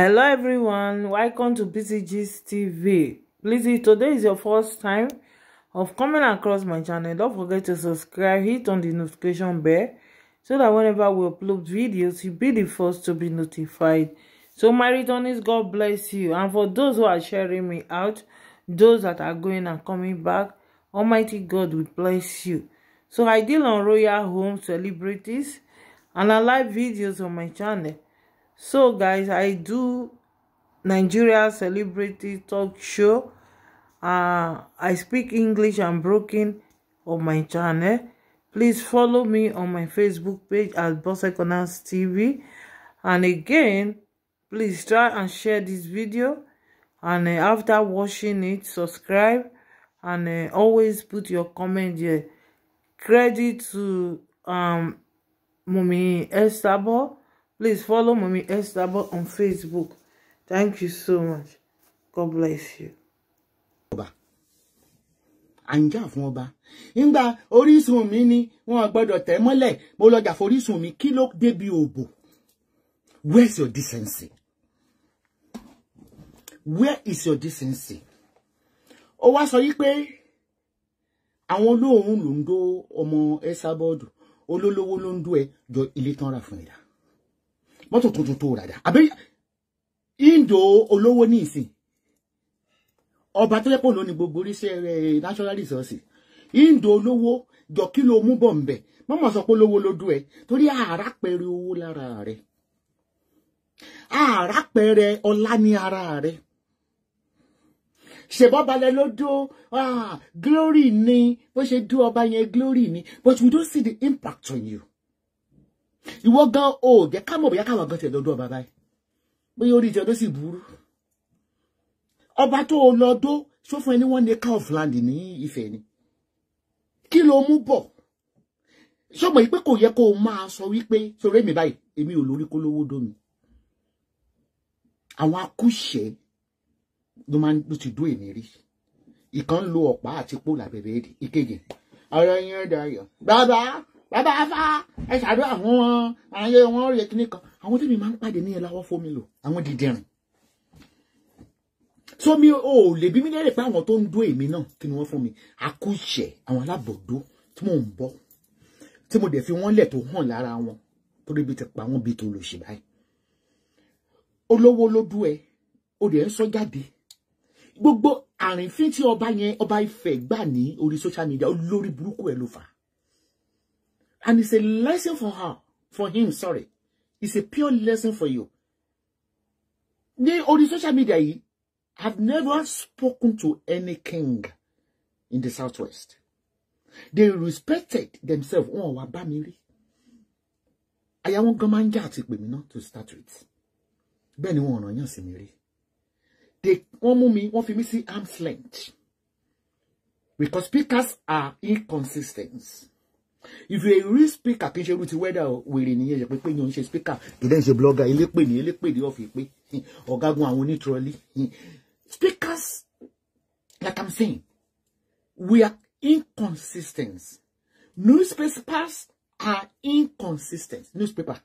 hello everyone welcome to bcgs tv please if today is your first time of coming across my channel don't forget to subscribe hit on the notification bell so that whenever we upload videos you'll be the first to be notified so my returnees god bless you and for those who are sharing me out those that are going and coming back almighty god will bless you so i deal on royal home celebrities and i live videos on my channel so guys i do nigeria celebrity talk show uh, i speak english and broken on my channel please follow me on my facebook page at boss economics tv and again please try and share this video and uh, after watching it subscribe and uh, always put your comment here credit to um Mummy Esther Please follow Mommy Estaba on Facebook. Thank you so much. God bless you. Anja ń jà fún ọba. Ńgbà orísun mi ni wọ́n gbọ́dọ̀ tẹ̀ mọ́lẹ̀. Mo lọ jà mi kilo ló débi òbò. Where's your decency? Where is your decency? Ó wá sọ yí pé àwọn olóòórùn ló ń dó ọmọ Ẹsábọ́ọ̀dù. Olólówó ló ń dó ẹ jọ ilé tán rà mọ́tò tuntun tó rà dà àbí indo olówó ní ìsìn ọba tó yẹ pé òun ní gbogbo oríṣẹ́ rẹ̀ natural resources indo olówó jọ kí ló mú bọ̀ ńbẹ̀ mọ́mọ́ sọ pé olówó lójú ẹ̀ torí ààrá pẹ̀rẹ̀ owó lára rẹ̀ ààrá pẹ̀rẹ̀ ọlá ní ara rẹ̀ ṣèbọ́balẹ̀ ló dó ah, glory ni bó ṣe dó ọba yẹn glory ni but we don't see the impact on you ìwọ gan o jẹ́ ká mọ̀ bóyá káwọn gan tiẹ̀ lọ́dọ̀ ọba báyìí bóyá orí tiẹ̀ ló sì burú ọba tó o lọ dó ṣó fún ẹni one acre of land ní Ifẹ̀ ni kí ló mú bọ̀ ṣọmọ yìí pé kò yẹ kó o máa sọ wípé sọ̀rọ̀ èmi báyìí èmi ò lórí kó lówó dómi àwọn akúṣẹ̀ ló máa ń ti dó èmi rí ìkan lo ọ̀pá àti pò làbẹ̀bẹ̀ èdè ìkejì ọ̀rọ̀ yẹn dayọ̀ bàbá bàbá afá ẹ ṣàdúrà fún wọn ayé wọn rèé kíní kan àwọn tèmi máa ń pàdé ní ẹlẹ́wọ́ fómi lò àwọn dìdìrìn so mi ò lè bí mi lérè pé àwọn tó ń dó èmi náà kí ni wọ́n fún mi àkúṣe àwọn alábòdó tí mò ń bọ́ tí mo dẹ̀ fi wọ́n lẹ̀ tó hàn lára wọn torí bí ti pa wọ́n bí tó lò ṣe báyìí olówó ló dú ẹ o dẹ̀ ń sọ jáde gbogbo àrìnfín tí ọba yẹn ọba Ifẹ̀ gbà ní orí social media olórí burúkú ẹ ló fà á And it's a lesson for her, for him, sorry. It's a pure lesson for you. They, on the social media, have never spoken to any king in the Southwest. They respected themselves. Oh, wá bá mi rí. Àyà wọn gan máa to start with. Bẹ́ẹ̀ ni wọ́n ọ̀ràn yàn sí mi rí. Wọ́n mú mi, wọ́n arm's length. Because speakers are inconsistent if you a real speaker kì í ṣe irú ti wẹ́dà wèrè nìyẹn yẹn pé yẹn ń ṣe speaker kì í dẹ́n ṣe blogger elépè ní elépè ní ọ̀fìn pé ọ̀gágun àwọn onítìrọ̀lì speakers like i'm saying we are inconsistent newspapers are inconsistent newspaper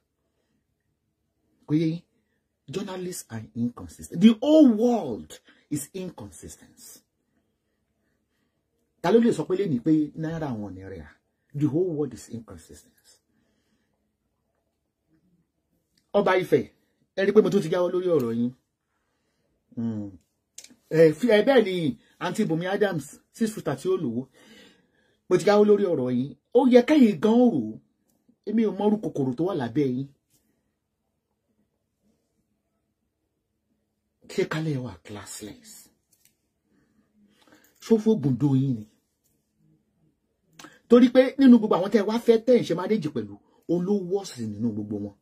kò yẹ journalists are inconsistent the whole world is inconsistent ta ló lè sọ pé lẹ́nu pé náírà àwọn ò rẹ̀ à. The whole world is inconsistent. Ọba Ifẹ̀, ẹ rí pé mo tún ti jáwọ́ lórí ọ̀rọ̀ yín. Hmm. Ẹ ni àǹtí Bùnmi Adams six footer tí ó lò ó. Mo ti jáwọ́ lórí ọ̀rọ̀ yín. Ó yẹ kẹ́yìn gan rò ó. Èmi ò mọrú kòkòrò tó wà lábẹ́ yín. Ṣé kálẹ̀ wà classless? Ṣófó gbùndó yín ni? torí pé nínú gbogbo àwọn tẹ́ wá fẹ́ tẹ́ ìṣe marriage pẹ̀lú olówó ọ̀sìn nínú gbogbo wọn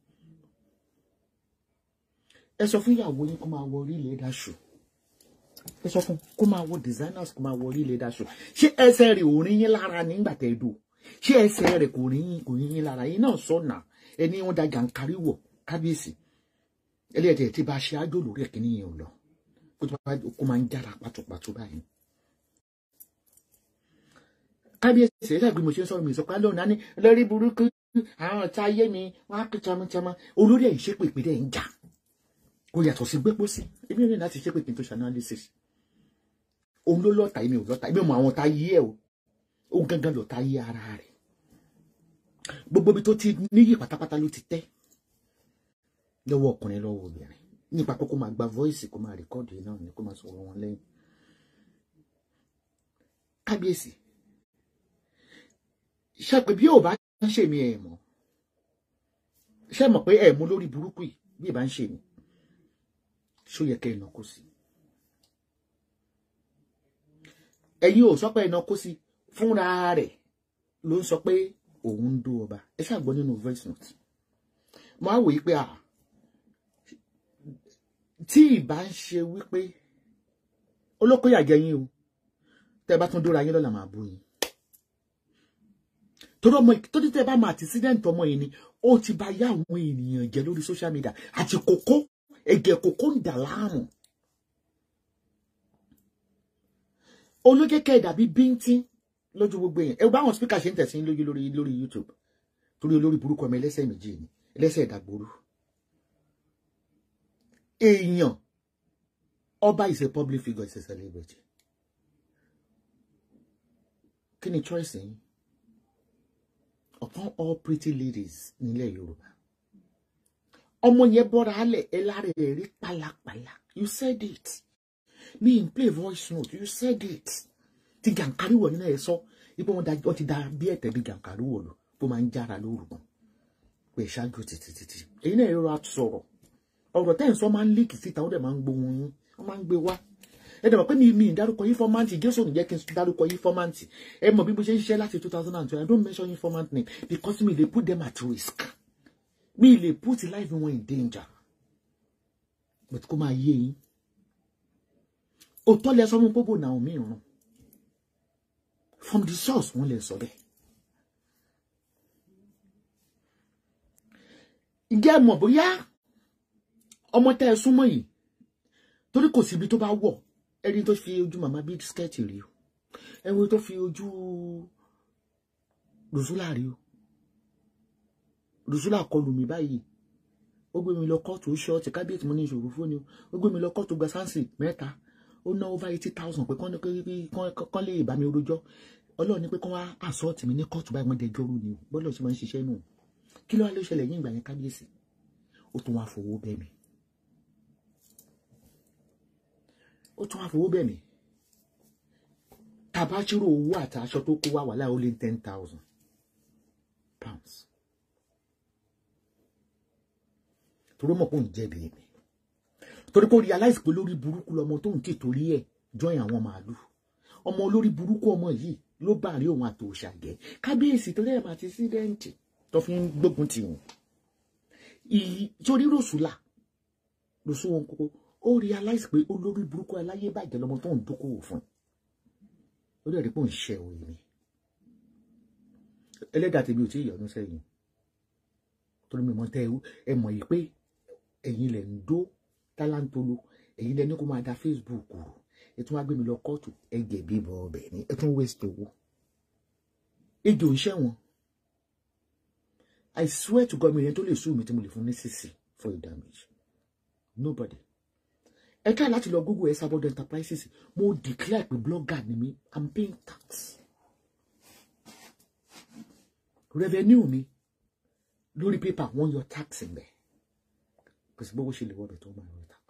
ẹ sọ fún ìyàwó yín kó máa wọ orí ilé daṣù ẹ sọ fún kó máa wọ designers kó máa wọ orí ilé daṣù ṣé ẹsẹ̀ rẹ̀ ò rí yín lára nígbà tẹ́ dò ṣé ẹsẹ̀ rẹ̀ kò rí yín kò rí yín lára yín náà sọnà ẹni wọn da jàǹkárí wọ kábíyèsí ẹlẹ́dẹ̀ẹ́ tí bá ṣe ájò lórí ẹ̀kíní yẹn ò lọ kó máa ń jára pàtòpàtò báyìí kábíyèsí ẹ̀ka ìgbìmọ̀ ṣe ń sọ̀rọ̀ mi ìsọ̀pá lóun náà ní lórí burúkú àwọn ọ̀tá ayé mi wọ́n á kí chamọ́chamọ́ olórí ẹ̀ ń ṣépè pé dẹ́ ń jà kò yàtọ̀ sí gbé pósí èmi rìn láti ṣépè kí n tó ṣe analysis òun ló lọ́ọ̀tà èmi ò lọ́ọ̀tà èmi ò mọ àwọn ọ̀tá ayé ẹ̀ o òun gangan lọ́ọ̀tà ayé ara rẹ̀ gbogbo ibi tó ti níyì pátápátá ló ti tẹ́ lọ́wọ́ ọkùnrin lọ́wọ́ obìnrin nípa pé kó máa gba voice kó máa rìkọ́ọ̀dù náà ni kó máa sọ̀rọ̀ wọn lẹ́yìn kábíyèsí ṣe pé bí ò bá ń ṣe mi ẹ̀ mọ́ ṣe mọ̀ pé ẹ̀ mú lórí burúkú yìí bí ì bá ń ṣe mi ṣó yẹ kẹ́ ẹ̀ nàkó sí ẹ̀yin ò sọ pé ẹ̀ nàkó sí fúnra rẹ̀ ló ń sọ pé òun ń dó ọba ẹ ṣàgbọ́ nínú voice note mo á wòye pé tí ìbá ń ṣe wípé olókòyà jẹ yín o tẹ bá tún dóra yín lọ́la màá bú yín torí ọmọ torí tẹ bá mọ àtìsídẹ́ǹtì ọmọ yìí ni ó ti bá yá àwọn ènìyàn jẹ lórí social media àti kókó ẹ̀gẹ̀ kókó ń dà láàmú. olókèké dàbí bíntín lójú gbogbo yẹn ẹ báwọn spíkà ṣe ń tẹ̀sí lójú lórí lórí YouTube torí olórí burúkú ọmọ ẹlẹ́sẹ̀ méjì ni ẹlẹ́sẹ̀ ìdàgbòrú. èèyàn ọba is a public figure is a celebrity kí ni choice yín upon all pretty ladies nílẹ̀ Yorùbá ọmọ yẹn bọ́ra alẹ̀ ẹ lára ẹ̀ rí pálapàla you said it me in play voice note you said it ti gàǹkàríwọ̀ nínú ẹ̀ sọ ipò wọn ti da bí ẹ̀tẹ̀ bí gàǹkàríwọ̀ lò bó máa ń jára lóru gan pé ṣáájú títítítí èyí náà yóò rà sọ̀rọ̀ ọ̀rọ̀ tẹ́ ń sọ máa ń líkì síta ó dẹ̀ máa ń gbóhun yín ó máa ń gbé wá ẹ dẹ̀ mọ̀ pé mi mi ìdárúkọ ìfọ́mántì jésù ní jẹ́ kí n dárúkọ ìfọ́mántì ẹ mọ̀ bí mo ṣe ń ṣiṣẹ́ láti two thousand and twelve I don't mention informant name because mi lè put them at risk mi lè put life wọn in danger but kó máa yé yín òótọ́ lẹ sọ fún pópó náà mi ràn from the source wọn lè sọ bẹ́ẹ̀. ǹjẹ́ ẹ mọ̀ bóyá ọmọ tẹ́ ẹ súnmọ́ yìí torí kò síbi tó bá wọ̀ ẹni tó fi ojú màmá Bídískẹ́ẹ̀tì rí o ẹni tó fi ojú rùsúlà rí o rùsúlà kọlù mí báyìí ó gbé mi lọ kóòtù ó ṣọ́ọ̀tì kábíyèsí mo ní ìṣòro fóònù ó gbé mi lọ kóòtù gba sáǹsì mẹ́ta ó ná over eighty thousand pé kán lè bá mi rojọ́ ọlọ́run ní pé kán wá àsọ́ọ̀tì mi ní kóòtù báyìí wọ́n dẹjọ́ rú ni bọ́lọ̀ ṣe máa ń ṣiṣẹ́ nù kí ló wá ló ṣẹlẹ̀ yín ìgbà yẹn kábíyèsí ó tún wá fowó bẹ́ẹ̀ mi ó tún wá fowó bẹ̀ mí tàbá ṣírò owó àti aṣọ tó kó wá wà láì ó lé ten thousand pounds torí mọ̀ pé òun jẹ̀bi èmi torí pé ó realize pé lórí burúkú lọmọ tó ń kì torí ẹ̀ join àwọn màálù ọmọ olórí burúkú ọmọ yìí ló bá rí òun àti òṣàgẹ kábíyèsí tó lẹ́yìn àti sídẹ́ǹtì tó fi ń gbógun tì wọ́n ìyí sórí rọ̀ṣùlà rọ̀ṣù kókó ó realize pé olórí burúkú aláyé bàjẹ́ lọ́mọ tó ń dókòwò fún ó dẹ̀ rí pé ó ń ṣe òye mi ẹlẹ́dàá tèmi ò tí ì yọ̀nú sẹ́yìn torí mi mọ̀ tẹ́ ẹ mọ̀ yìí pé ẹ̀yin lẹ̀ ń dó tálántolo ẹ̀yin lẹ̀ ní kó máa da Facebook rò ẹ tún wá gbé mi lọ kóòtù ẹ jẹ̀bi bọ̀ ọbẹ̀ ni ẹ tún waste owó ejò ń ṣẹ̀wọ̀n I swear to God mi yẹn tó lè sùn mi tí mo lè fún ní sísì for your damage nobody ẹ try láti lọ google ẹ sábọdọ enterprises mo declare pé blogger ni mi i'm paying tax revenue mi lórí paper wọ́n yọ tax mbẹ kò sí gbogbo ṣe lè wọbẹ tó máa yọ tax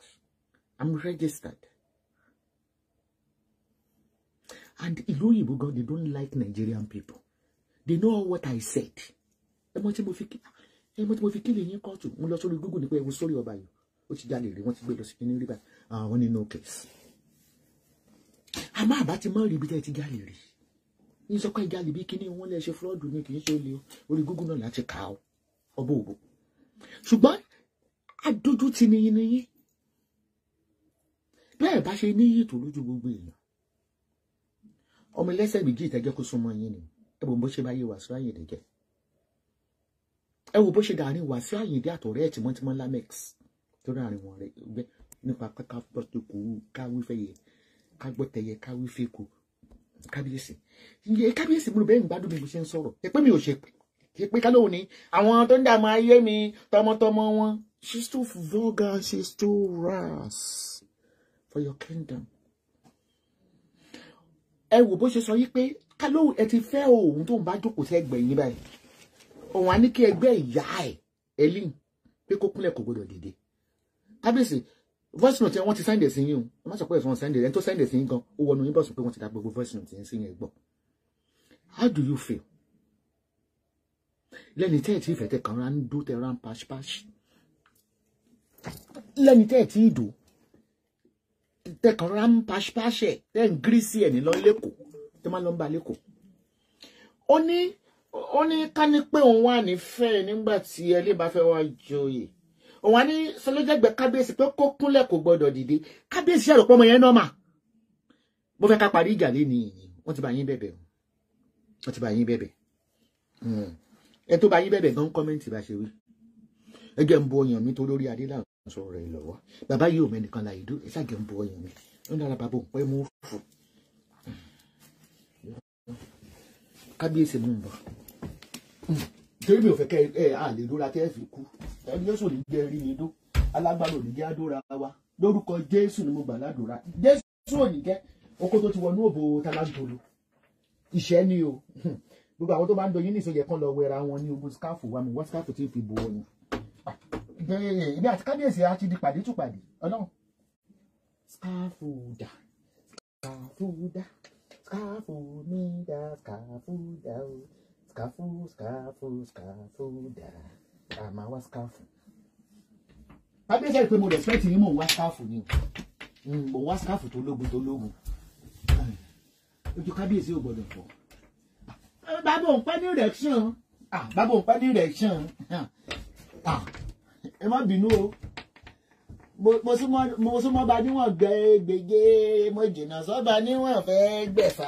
i'm registered and ìlú òyìnbó gan they don't like Nigerian people they know what I said ẹ mọ tí mo fi kí ẹ mọ tí mo fi kí lè yín kóòtù mo lọ sórí Google ní pé ẹ wo sórí ọba yìí ó ti jalè rí wọ́n ti gbé lọ sí kíní rí báyìí àwọn nínú case àmọ́ àbá ti mọ́ rí ibi tẹ́ ẹ ti jalè rí ní sọ pé ìjalè bí kíní wọn lè ṣe fúlọ́ọ̀dù ni kì í ṣe olè orí Google náà láti kà ó ọbọ̀ òbò ṣùgbọ́n adójú ti ni yín ni yín bẹ́ẹ̀ bá ṣe níyì tó lójú gbogbo èèyàn ọmọ ẹlẹ́sẹ̀ méjì ìtẹ́jẹ́ kó súnmọ́ yín ni ẹ wò bó ṣe bá yé wá sí Àyìndé jẹ ẹ wò bó ṣe dàrin wá sí Àyìndé àtọ̀rẹ́ ẹ̀ tìmọ́tìmọ́ lamex torí àríwọ̀n rẹ̀ gbẹ́ nípa ká gbọ́ tòkó káwí fẹ́yẹ ká gbọ́ kábíyèsí ǹjẹ́ kábíyèsí mo bẹ́ẹ̀ ń gbádùn bí mo ṣe ń sọ̀rọ̀ ẹ pé mi ò ṣe pé pé kálóhùn ni àwọn tó ń dààmú ayé mi tọmọtọmọ wọn she's too vulgar she's too rash for your kingdom. ẹ wò bó ṣe sọ yí pé kálóhùn ẹ ti fẹ́ òun tó ń bá jókòó sí ẹgbẹ́ yín báyìí òun á ní kí ẹgbẹ́ ìyá ẹ̀ ẹ̀lín pé kó kúnlẹ̀ kò gbọdọ̀ dìde kábíyèsí voice note yẹn ti send ẹ̀ sí yín o má sọ pé ẹ̀fọn send ẹ̀ ẹni tó send ẹ̀ sí gan ó wọnú inbox pé wọ́n ti dá gbogbo voice note yẹn sí yín how do you feel lẹ́ni tẹ́ ẹ̀ tí ìfẹ́ tẹ̀ kàn rán dó tẹ̀ rán pàṣípàṣí lẹ́ni tẹ́ ẹ̀ tí ìdò tẹ̀ kàn rán pàṣípàṣí ẹ̀ tẹ́ ń gírí sí ẹ̀ ní lọ lẹ́kọ̀ọ́ tẹ́ máa lọ ń ba lẹ́kọ̀ọ́ ó ní ó ní ká ní pé òun wà ní fẹ́ nígbà tí ẹlẹ́ bá fẹ́ wá joyè òun á ní sọlójàgbẹ kábíyèsí pé kó kúnlẹ̀ kò gbọdọ̀ dìde kábíyèsí àròpọ̀ ọmọ yẹn nọ́mà mo fẹ́ ká parí ìjà lé ní ìyìn wọ́n ti bá yín bẹ̀bẹ̀ wọ́n ti bá yín bẹ̀bẹ̀ hmm. ẹ tó bá yín bẹ̀bẹ̀ gan kọ́mẹ́ǹtì bá ṣe wí ẹgbẹ́ ń bo ọyàn mi tó lórí adé láwọn sọ̀rọ̀ rẹ̀ lọ́wọ́ bàbá yìí ò mẹ́nìkan láyé dó ìṣàgẹ̀ ń bo ọyàn mi ó dára bàbá òun pẹ́ mú fò hmm. kábíyèsí mú un bọ̀. Hmm torí mi ò fẹ́ kẹ́ ẹ à lè dóra tẹ́ ẹ fi kú ẹni yóò sùn ní jẹ́ rí ni dó alágbára ò ní àdóra wa lórúkọ jésù ni mo gbà ládùúrà jésù ò ní oko tó ti wọnú òbò talágbolo ìṣẹ́ ni o gbogbo àwọn tó bá ń doyin nìṣó yẹ kán lọ wẹra wọn ní ogun skáfù wa mi wọ́n skáfù tí fi bò wọn ìbí àti kábíyèsí a ti di pàdé tù pàdé ọlọ́run skáfù dà skáfù dà skáfù mi dà skáfù dà o skafu skafu skafu dà ká máa wá skafu. Fábíyèsí ẹ̀ pé mo respect yín mò ń wá skafu ni o mò mm, ń wá skafu tó lógun tó lógun ojú kábíyèsí ò gbọdọ̀ fọ́. Ah, bàbá òun pẹ́ ní direction ah, bàbá òun pẹ́ ní direction ah, ẹ má bínú o mo súnmọ́ bá níwọ̀n gbẹ́gbẹ́gbẹ́ mo jìnnà sọ́ba níwọ̀n fẹ́ gbẹ̀fà.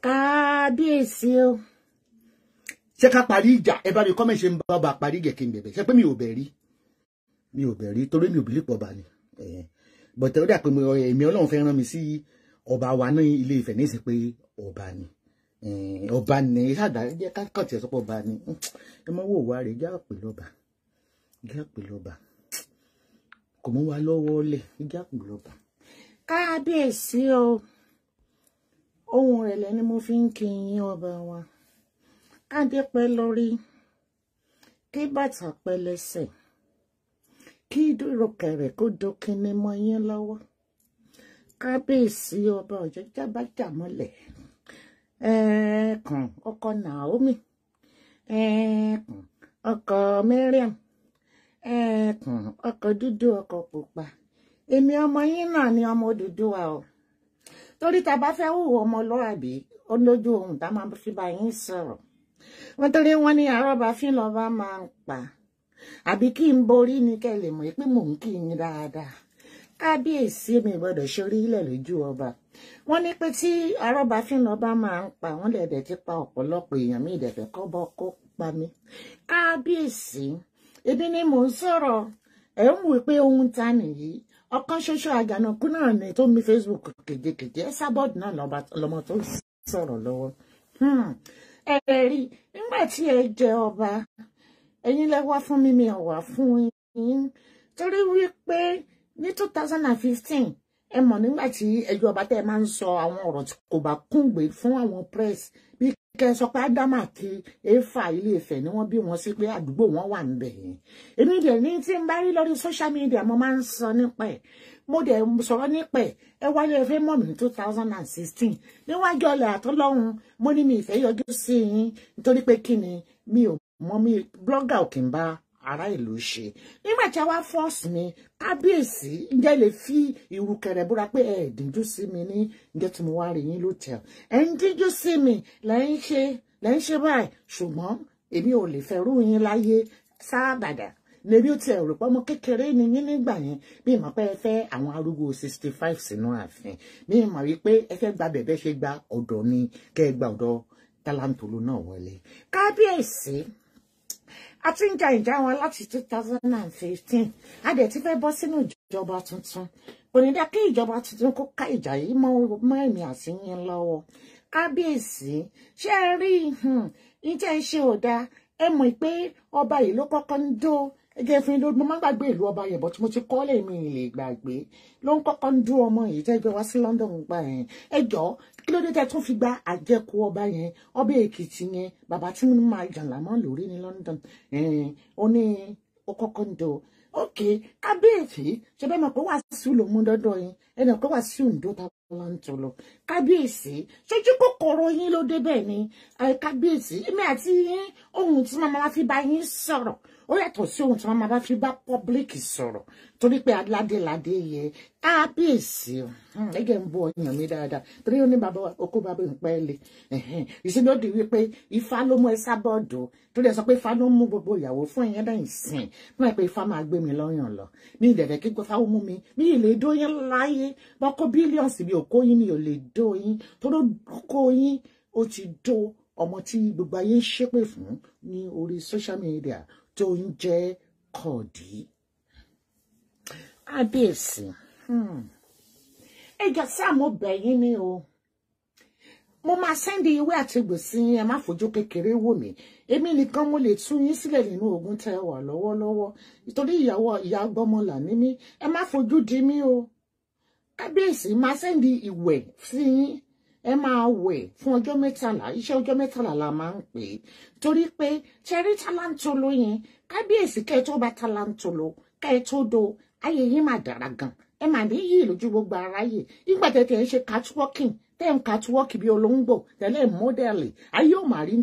kábíyèsí o. ṣé ká parí ìjà ẹ bá rí kọ́mẹ̀ ṣe ń bá ọba parí ìjà kí n bẹ̀bẹ̀ ṣe pé mi ò bẹ̀ rí mi ò bẹ̀ rí torí mi ò bí lípọ̀ ọba ni bọ̀tẹ́ ó dà pé èmi ọlọ́run fẹ́ rán mi sí ọba wa ní ilé Ifẹ̀ ní ìsìn pé ọba ni ọba ni ṣáàdá jẹ́ kákan tiẹ̀ sọ́pọ̀ ọba ni ẹ mọ́ wò wá rẹ̀ já pè lọ́ba já pè lọ́ba kò mú wa lọ́wọ́ lẹ̀ já pè lọ́ba kábíyèsí o. ohun ìrẹ̀lẹ̀ ni mo fi ń kí ọba wa adé pẹ́ lórí kí bàtà pẹ́ lẹ́sẹ̀ kí ìdúró kẹrẹ kó dokinni mọ́ yín lọ́wọ́ kábíyèsí ọba ọjọ́ jà mọ́lẹ̀ ẹ̀ẹ̀kan ọkọ Naomi ẹ̀ẹ̀kan ọkọ Mariam ẹ̀ẹ̀kan ọkọ̀ dúdú ọkọ̀ pupa èmi ọmọ yín náà ni ọmọ dúdú wa o. torí tá a bá fẹ́ hùwà ọmọlúwàbí ó lójú ohun tá a máa fi bá yín sọ̀rọ̀ wọ́n torí wọ́n ní arọ́ba fínlọ́ba máa ń pa àbí kí n borí ni kẹ́ lè mọ̀ pé mò ń kí n dáadáa kábíyèsí mi gbọ́dọ̀ ṣorí ilẹ̀ lójú ọba wọ́n ní pé tí arọ́ba fínlọ́ba máa ń pa wọ́n lẹ̀dẹ̀ ti pa ọ̀pọ̀lọpọ̀ èèyàn mi ìdẹ̀fẹ́ kọ́ bọ́ kó pa mi kábíyèsí ebi ni mò ń sọ̀rọ̀ ẹ̀ ń wí pé ohun ta nìyí ọ̀kan ṣoṣo àjànàkú náà ni tó ń mi Facebook kèjekèje Esabod náà lọmọ tó ń sọ̀rọ̀ lọ́wọ́ hmm. ẹ rí nígbà tí ẹ jẹ ọba ẹ̀yin lẹ wá fún mi mi ò wá fún yín torí wípé ní two thousand and fifteen ẹ mọ̀ nígbà tí ẹjọ́ ọba tẹ́ ẹ máa ń sọ àwọn ọ̀rọ̀ tí kò bá kúngbé fún àwọn press bí kẹ sọ pé ádámà àti éfà ilé Ifẹ̀ ni wọ́n bí wọn sí pé àdúgbò wọn wà ń bẹ̀ yẹn èmi dẹ̀ ní tí n bá rí lórí social media mo máa ń sọ nípa ẹ̀ mo dẹ̀ sọ̀rọ̀ nípa ẹ̀ ẹ wáyé ẹ fẹ́ mọ̀ mí two thousand and sixteen níwájú ọ̀lẹ̀ àtọ́lọ́hún mo ní mi ìfẹ́ yọjú sí yín nítorí pé kí ni mi ò mọ̀ mi blogger ò kì í bá ará ìlú ṣe nígbà tí a wá fọ́ọ̀sì mi kábíyèsí ǹjẹ́ lè fi irú kẹrẹ búra pé ẹ díjú sí mi ní ǹjẹ́ tí mo wá rí yín lótẹ́ẹ̀lì ẹ ń díjú sí mi lẹ́yìn ṣe lẹ́yìn ṣe báyìí ṣùgbọ́n èmi ò lè fẹ́rú yín láyé sáàbàdà lèmi ò tiẹ̀ rò pé ọmọ kékeré ni yín nígbà yẹn bí ìmọ̀ pé ẹ fẹ́ àwọn arúgbó sixty five sínú ààfin bí ìmọ̀ wípé ẹ fẹ́ gba bẹ̀bẹ̀ ṣe gba ọ̀dọ̀ mi kẹ́ ẹ gba ọ̀dọ̀ tálántòló náà wọlé kábíyèsí a ti ń ja ìjà wọn láti 2015 a dẹ̀ ti fẹ́ bọ́ sínú ìjọba tuntun kò ní dá kí ìjọba tuntun kó ká ìjà yìí mọ́ ẹ̀mí àti yín lọ́wọ́ kábíyèsí ṣé ẹ rí ní hmm, tẹ́ ń ṣe ò dáa ẹ mọ̀ pé ọba yìí ló kọ́kọ́ ń dó ẹgẹ fún yín ló mo má gbàgbé ìlú ọba yẹn bọ́tí mo ti kọ́ lè mi lè gbàgbé ló ń kọ́kọ́ ń dúró ọmọ yìí tẹ́ gbé wá sí London gba yẹn ẹ jọ kí ló dé tẹ́ tún fi gba àjẹkù ọba yẹn ọba èkìtì yẹn bàbá tí mo máa jàn lámọ́ lórí ní London ó ní ó kọ́kọ́ ń do ok kábíyèsí ṣe bẹ́ẹ̀ mọ̀ pé wàásù lòún mú dọ́dọ̀ yín ẹnì kan wà sí Ondo táwọn ń tò lọ kábíyèsí ṣojú kòkòrò yín ló dé bẹ́ẹ̀ ni kábíyèsí èmi àti yín ohun tí màmá fi bá yín sọ̀rọ̀ ó yàtọ̀ sí ohun tí màmá fi bá pọ́blíkì sọ̀rọ̀ torí pé aládéládé yẹ kábíyèsí ẹgẹ ń bọ ọyàn mi dáadáa torí ó ní bàbá okó bàbá ìpẹ́ le ìsinlódì wípé ifá ló mú ẹ sábọ́ọ̀dù torí ẹ sọ pé ifá ló mú gbogbo ìyàwó fún ìyẹn náà ìsìn fún ẹ pé ifá máa gbé mi lọ́yàn lọ mi ìdẹ̀rẹ̀ kí gbọ́fà ó mú mi mi ìlédóyán láyé yín bá kó bílíọ̀nsì mi ò kó yín mi ò lè dó yín tó ló kó yín ó ti dó ọmọ tí gbogbo ayé ń ṣépè fún ní orí social media tó ń jẹ́ kọ̀dí. Abíyèsí hmm. ẹjà sí àmúbẹ̀ yín ni o mo máa sẹ́ndì ìwé àti gbèsè yín ẹ má fojú kékeré wò mí èmi nìkan mo lè tú yín sílẹ̀ nínú ogun tẹ́ wà lọ́wọ́lọ́wọ́ nítorí ìyàwó ìyá gbọ́mọlà ní mí ẹ má fojú di mí o kábíyèsí máa sẹ́ndì ìwẹ̀ sí yín ẹ máa wẹ̀ fún ọjọ́ mẹ́tàlá iṣẹ́ ọjọ́ mẹ́tàlá la máa ń pè é torí pé ṣẹ́rí talantolo yẹn kábíyèsí kẹ́ ẹ tó bá talantolo kẹ́ ẹ tó do ayé yín máa dára gan ẹ máa ní yìí lójú gbogbo aráyè nígbà tẹ̀tẹ̀ ẹ ṣe catwalking tẹ́ ń bi bí olóńgbò modeli mọ́dẹ̀lì ayé ò máa rí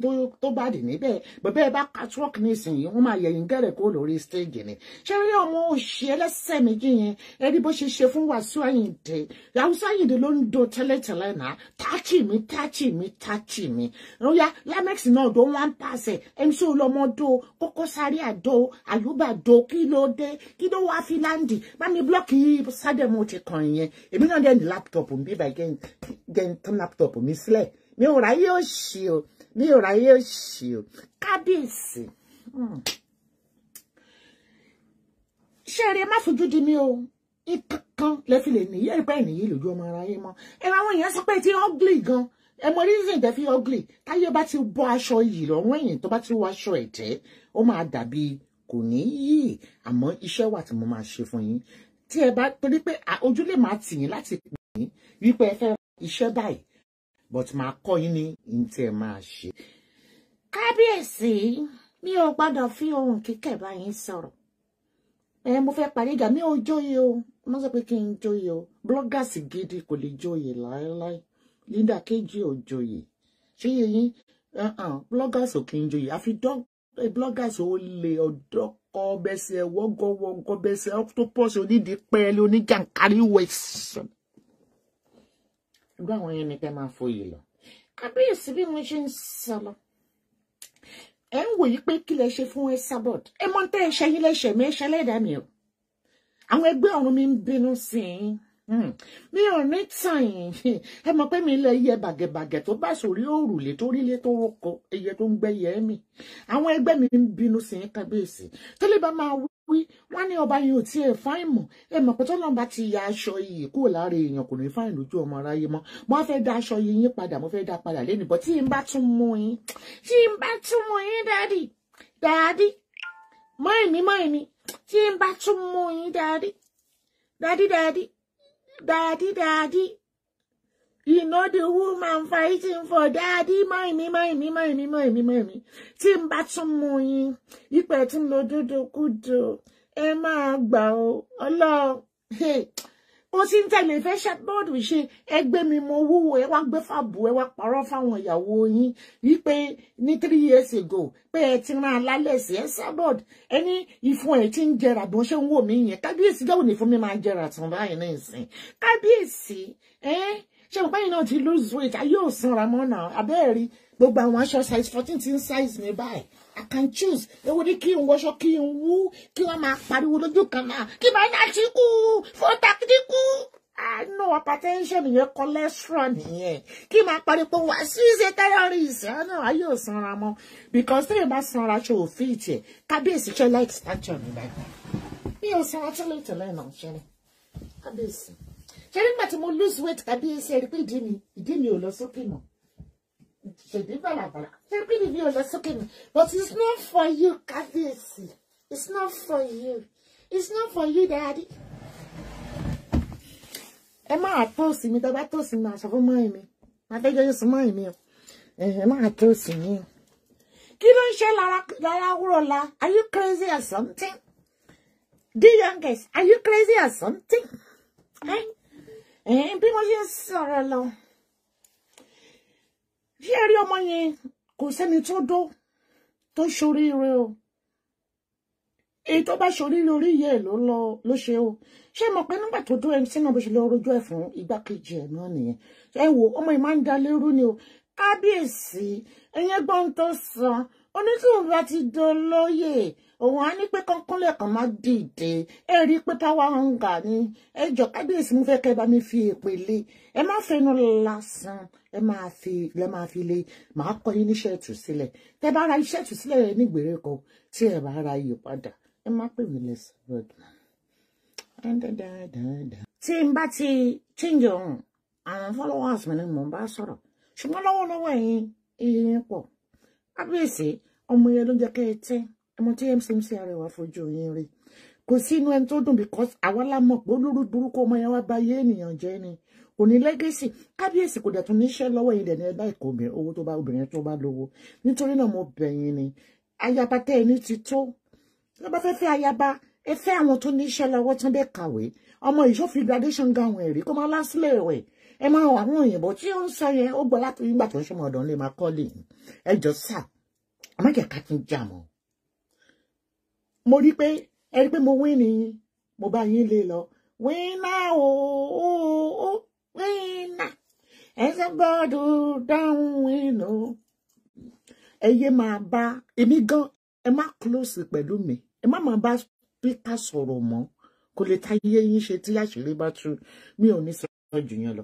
tó bá dì níbẹ̀ bẹ́ẹ̀ ẹ bá catwalk nísìnyí wọ́n máa yẹ̀yìn gẹ̀rẹ̀ kó lórí stage ni ṣé rí ọmọ òṣì ẹlẹ́sẹ̀ méjì yẹn ẹni bó ṣe ṣe fún Wàsíù Àyìndé Wàsíù Àyìndé ló ń do tẹ́lẹ̀tẹ́lẹ̀ náà táàchì mi táàchì mi táàchì mi lóyá Lamex náà dó wọn pàṣẹ MC olọmọ dó Koko Zaria dó Ayuba dó kí ló dé kí ló wá Finland bá mi blọọkì sádẹmù ti kàn yẹn èmi náà dẹni láptọ̀pù ń bí bàjẹ́ tán laptop mi sílẹ̀ mi ò ráyè òṣì o mi ò ráyè òṣì o kábíyèsí hmm. ṣé eré má fojú di mi o le lẹ́fi lè nìyí ẹ̀rí pé nìyí lójú ọmọ ara yín mọ́ ẹ̀rọ àwọn èèyàn sọ pé ti ugly gan ẹ mọ reason tẹ́ fi ugly táyé bá ti bọ́ aṣọ yìí lọ́rùn ẹ̀yìn tó bá ti wọ aṣọ ẹ̀tẹ́ ó máa dàbí kò ní yí àmọ́ iṣẹ́ wà tí mo máa ṣe fún yín tí ẹ bá torí pé ojú máa tì yín láti pè yín wípé ẹ fẹ́ iṣẹ́ báyìí but màá kọ́ yín ní ní tí ẹ máa ṣe. kábíyèsí mi ò gbọ́dọ̀ fi ohun kíkẹ́ bá yín sọ̀rọ̀ ẹ mo fẹ́ parí ìjà mi ò jóye o mo sọ pé kí n jóye o bloggers gidi kò lè jóye láéláé Linda Kejì ò jóye ṣé yẹyin uh-uh. bloggers ò kí n jóye àfi bloggers ò lè ọ̀dọ́ kọ́ bẹ́sẹ̀ wọ́gọ́wọ́gọ́ bẹ́sẹ̀ octopus onídìí pẹ́ẹ́lí oníjàǹkárí wẹ̀sán irú àwọn yẹn ni kẹ́ máa foyè lọ kábíyèsí bí wọ́n ṣe ń sọ lọ ẹ ń wòye pé kí lẹ ṣe fún ẹ sábọd ẹ mọ tẹ ẹ ṣẹyìn lẹṣẹ mi ẹ ṣe lẹdàá mi o àwọn ẹgbẹ́ ọ̀run mi ń bínú sí i hmm. mi ò ní tàn yín ẹ mọ pé mi lè yẹ bàgẹ̀bàgẹ̀ tó bá sórí òrùlé tó rílé tó rọkọ ẹyẹ tó ń gbẹyẹ mi àwọn ẹgbẹ́ mi ń bínú sí i kábíyèsí tó lè bá máa wú wí wọn ní ọba yìí ò tí ẹ fáìn mọ ẹ mọ̀ pé tọ́lọ́n bá ti ya aṣọ yìí kúrò lára èèyàn kò ní fáìn lójú ọmọ aráyé mọ́ mo fẹ́ da aṣọ yìí yín padà mo fẹ́ da padà lẹ́nu bọ́ tí n bá tún mú yín tí n bá tún mú yín dáàdì dáàdì mọ́ìní mọ́ìní tí n bá tún mú yín dáàdì dáàdì dáàdì dáàdì dáàdì. You know the woman fighting for daddy, mommy, mommy, mommy, mommy, mommy. Tí n bá tún mú yín, ìpè tí mo dúdú kúdú, ẹ máa gbà ó, ọlọ́run. Mo ti ń tẹ̀lé ìfẹ́ ṣàtọ́ọ̀dù ṣe ẹgbẹ́ mi mo wúwo ẹ wá gbé fàbù ẹ wá parọ́ fáwọn ìyàwó yín wípé ní three years ago pé ẹ ti rán alálẹ̀ sí ẹ sábọ̀d ẹni ìfun ẹ̀ ti ń jẹrà bó ṣe ń wò mí yẹn kábíyèsí dáwọn ìfun mi máa ń jẹrà tán báyìí ní ìsìn kábíyèsí ẹ́ ṣé mo pẹ́yìn náà ti lose weight ayé ò sanra mọ́ náà abẹ́ẹ̀rí gbogbo àwọn aṣọ size fourteen ti ń size mi báyìí I can choose ewu ni kí n wọṣọ kí n wú kí wọ́n máa pariwo lójú kan náà kí màá náà ti kú fọ́tà ti kú àánú hypertension yẹn cholesterol nìyẹn kí máa pariwo wá sí ṣe terrorist àánú ayé ò sanra mọ́ because tẹ́yìn bá sanra ṣe òfin ìtìẹ̀ kábíyèsí ṣe like stature nígbà yìí mi ò sanra tẹ́lẹ̀ tẹ́lẹ̀ náà ṣẹlẹ̀ kábíyèsí ṣe nígbà tí mo lose weight kábíyèsí ẹ rí pé ìdí mi ìdí mi ò lọ sókè mọ́ ṣèdí bàlàbàlà ṣe pé ìdí mi ò lọ sókè mọ́ but it's not for you kábíyèsí it's not for you it's not for you daddy. ẹ máa tóòsì mi tọ́gbà tóòsì mi àṣà fún mọ́yìn mi máa fẹ́ jẹ́yìn sún mọ́yìn mi o ẹ máa tóòsì mi o. kí ló ń ṣe lára wúrọ̀ la are you crazy or something? the youngest are you crazy or something? Hey. Eh? Eh, bí wọ́n yé ń sọ̀rọ̀ lọ bí ẹ rí ọmọ yẹn kò sẹ́ni tó dó tó ṣoríire o èyí tó bá ṣoríire orí yẹ ló lọ ló ṣe o ṣé mo pé nígbà tó dó MC náà bó ṣe lọ rojọ́ ẹ̀ fún igbákejì ẹ̀ náà nìyẹn ẹ wò ọmọ yìí máa ń da lérú ni o kábíyèsí ẹ̀yẹn gbọ́n tó sàn ó ní tí òun bá ti dolóyè òun á ní pé kọ́ńkọ́lẹ̀ kan máa dìde ẹ rí i pé táwa ń gà ní ẹjọ kábíyèsí mo fẹ́ kẹ́ bá mi fi èpè lé ẹ má fẹnu lásán ẹ máa fi lẹ máa fi lé màá kọ́ yín níṣẹ́ ìtúsílẹ̀ tẹ bá ra iṣẹ́ ìtúsílẹ̀ rẹ nígbèríko tí ẹ bá ra iyì padà ẹ má pè mí lẹ́sẹ̀ lọ́dún. tí n bá ti chíǹjì ọ̀hún àwọn followers mi ni mò ń bá sọ̀rọ̀ ṣùgbọ́n lọ́wọ́lọ́wọ́ ẹ̀yin iye yín pọ̀ kábíyèsí ọmọ yẹn ló jẹ́ kẹ́ ẹ tẹ́ ọmọ tí mcmc arẹwà fojú yín rí kò sí inú ẹni tó dùn because àwa la mọ̀ pé olórí burúkú ọmọ yẹn wá bá yé ènìyàn jẹ́ ni kò ní lẹ́gẹ́sì kábíyèsí kò dẹ̀ tún níṣẹ́ lọ́wọ́ yìí dẹ̀ ní ẹgbẹ́ ìkó owó tó bá obìnrin tó bá lówó nítorí náà mo bẹ̀ yín ni ayaba tẹ́ ẹni ti tó tó bá fẹ́ fẹ́ ayaba ẹ fẹ́ àwọn tó níṣẹ́ lọ́wọ́ tán bẹ́ẹ̀ kàwé ọmọ ìṣòfin graduation gown ẹ̀rí kó máa lásìlẹ̀ ẹ̀wẹ̀ ẹ máa wà àwọn òyìnbó tí ó ń sọ yẹn ó gbọ́ láti nígbà tó ń ṣe ọmọ ọ̀dọ́ ní ma kọ́lé ẹ jọ ẹ má jẹ́ ká tún jà mọ́ mo rí pé ẹ rí pé mo wí ni mo bá yín lé lọ wínà o o wínà ẹsẹ̀ gbọ́dọ̀ dáhùn wínà o ẹ yé máa bá èmi gan ẹ má close pẹ̀lú mi ẹ má máa bá píkà sọ̀rọ̀ mọ́ kò lè ta iye yín ṣe tí àṣírí bá tú mi ò ní sọ jù yẹn lọ.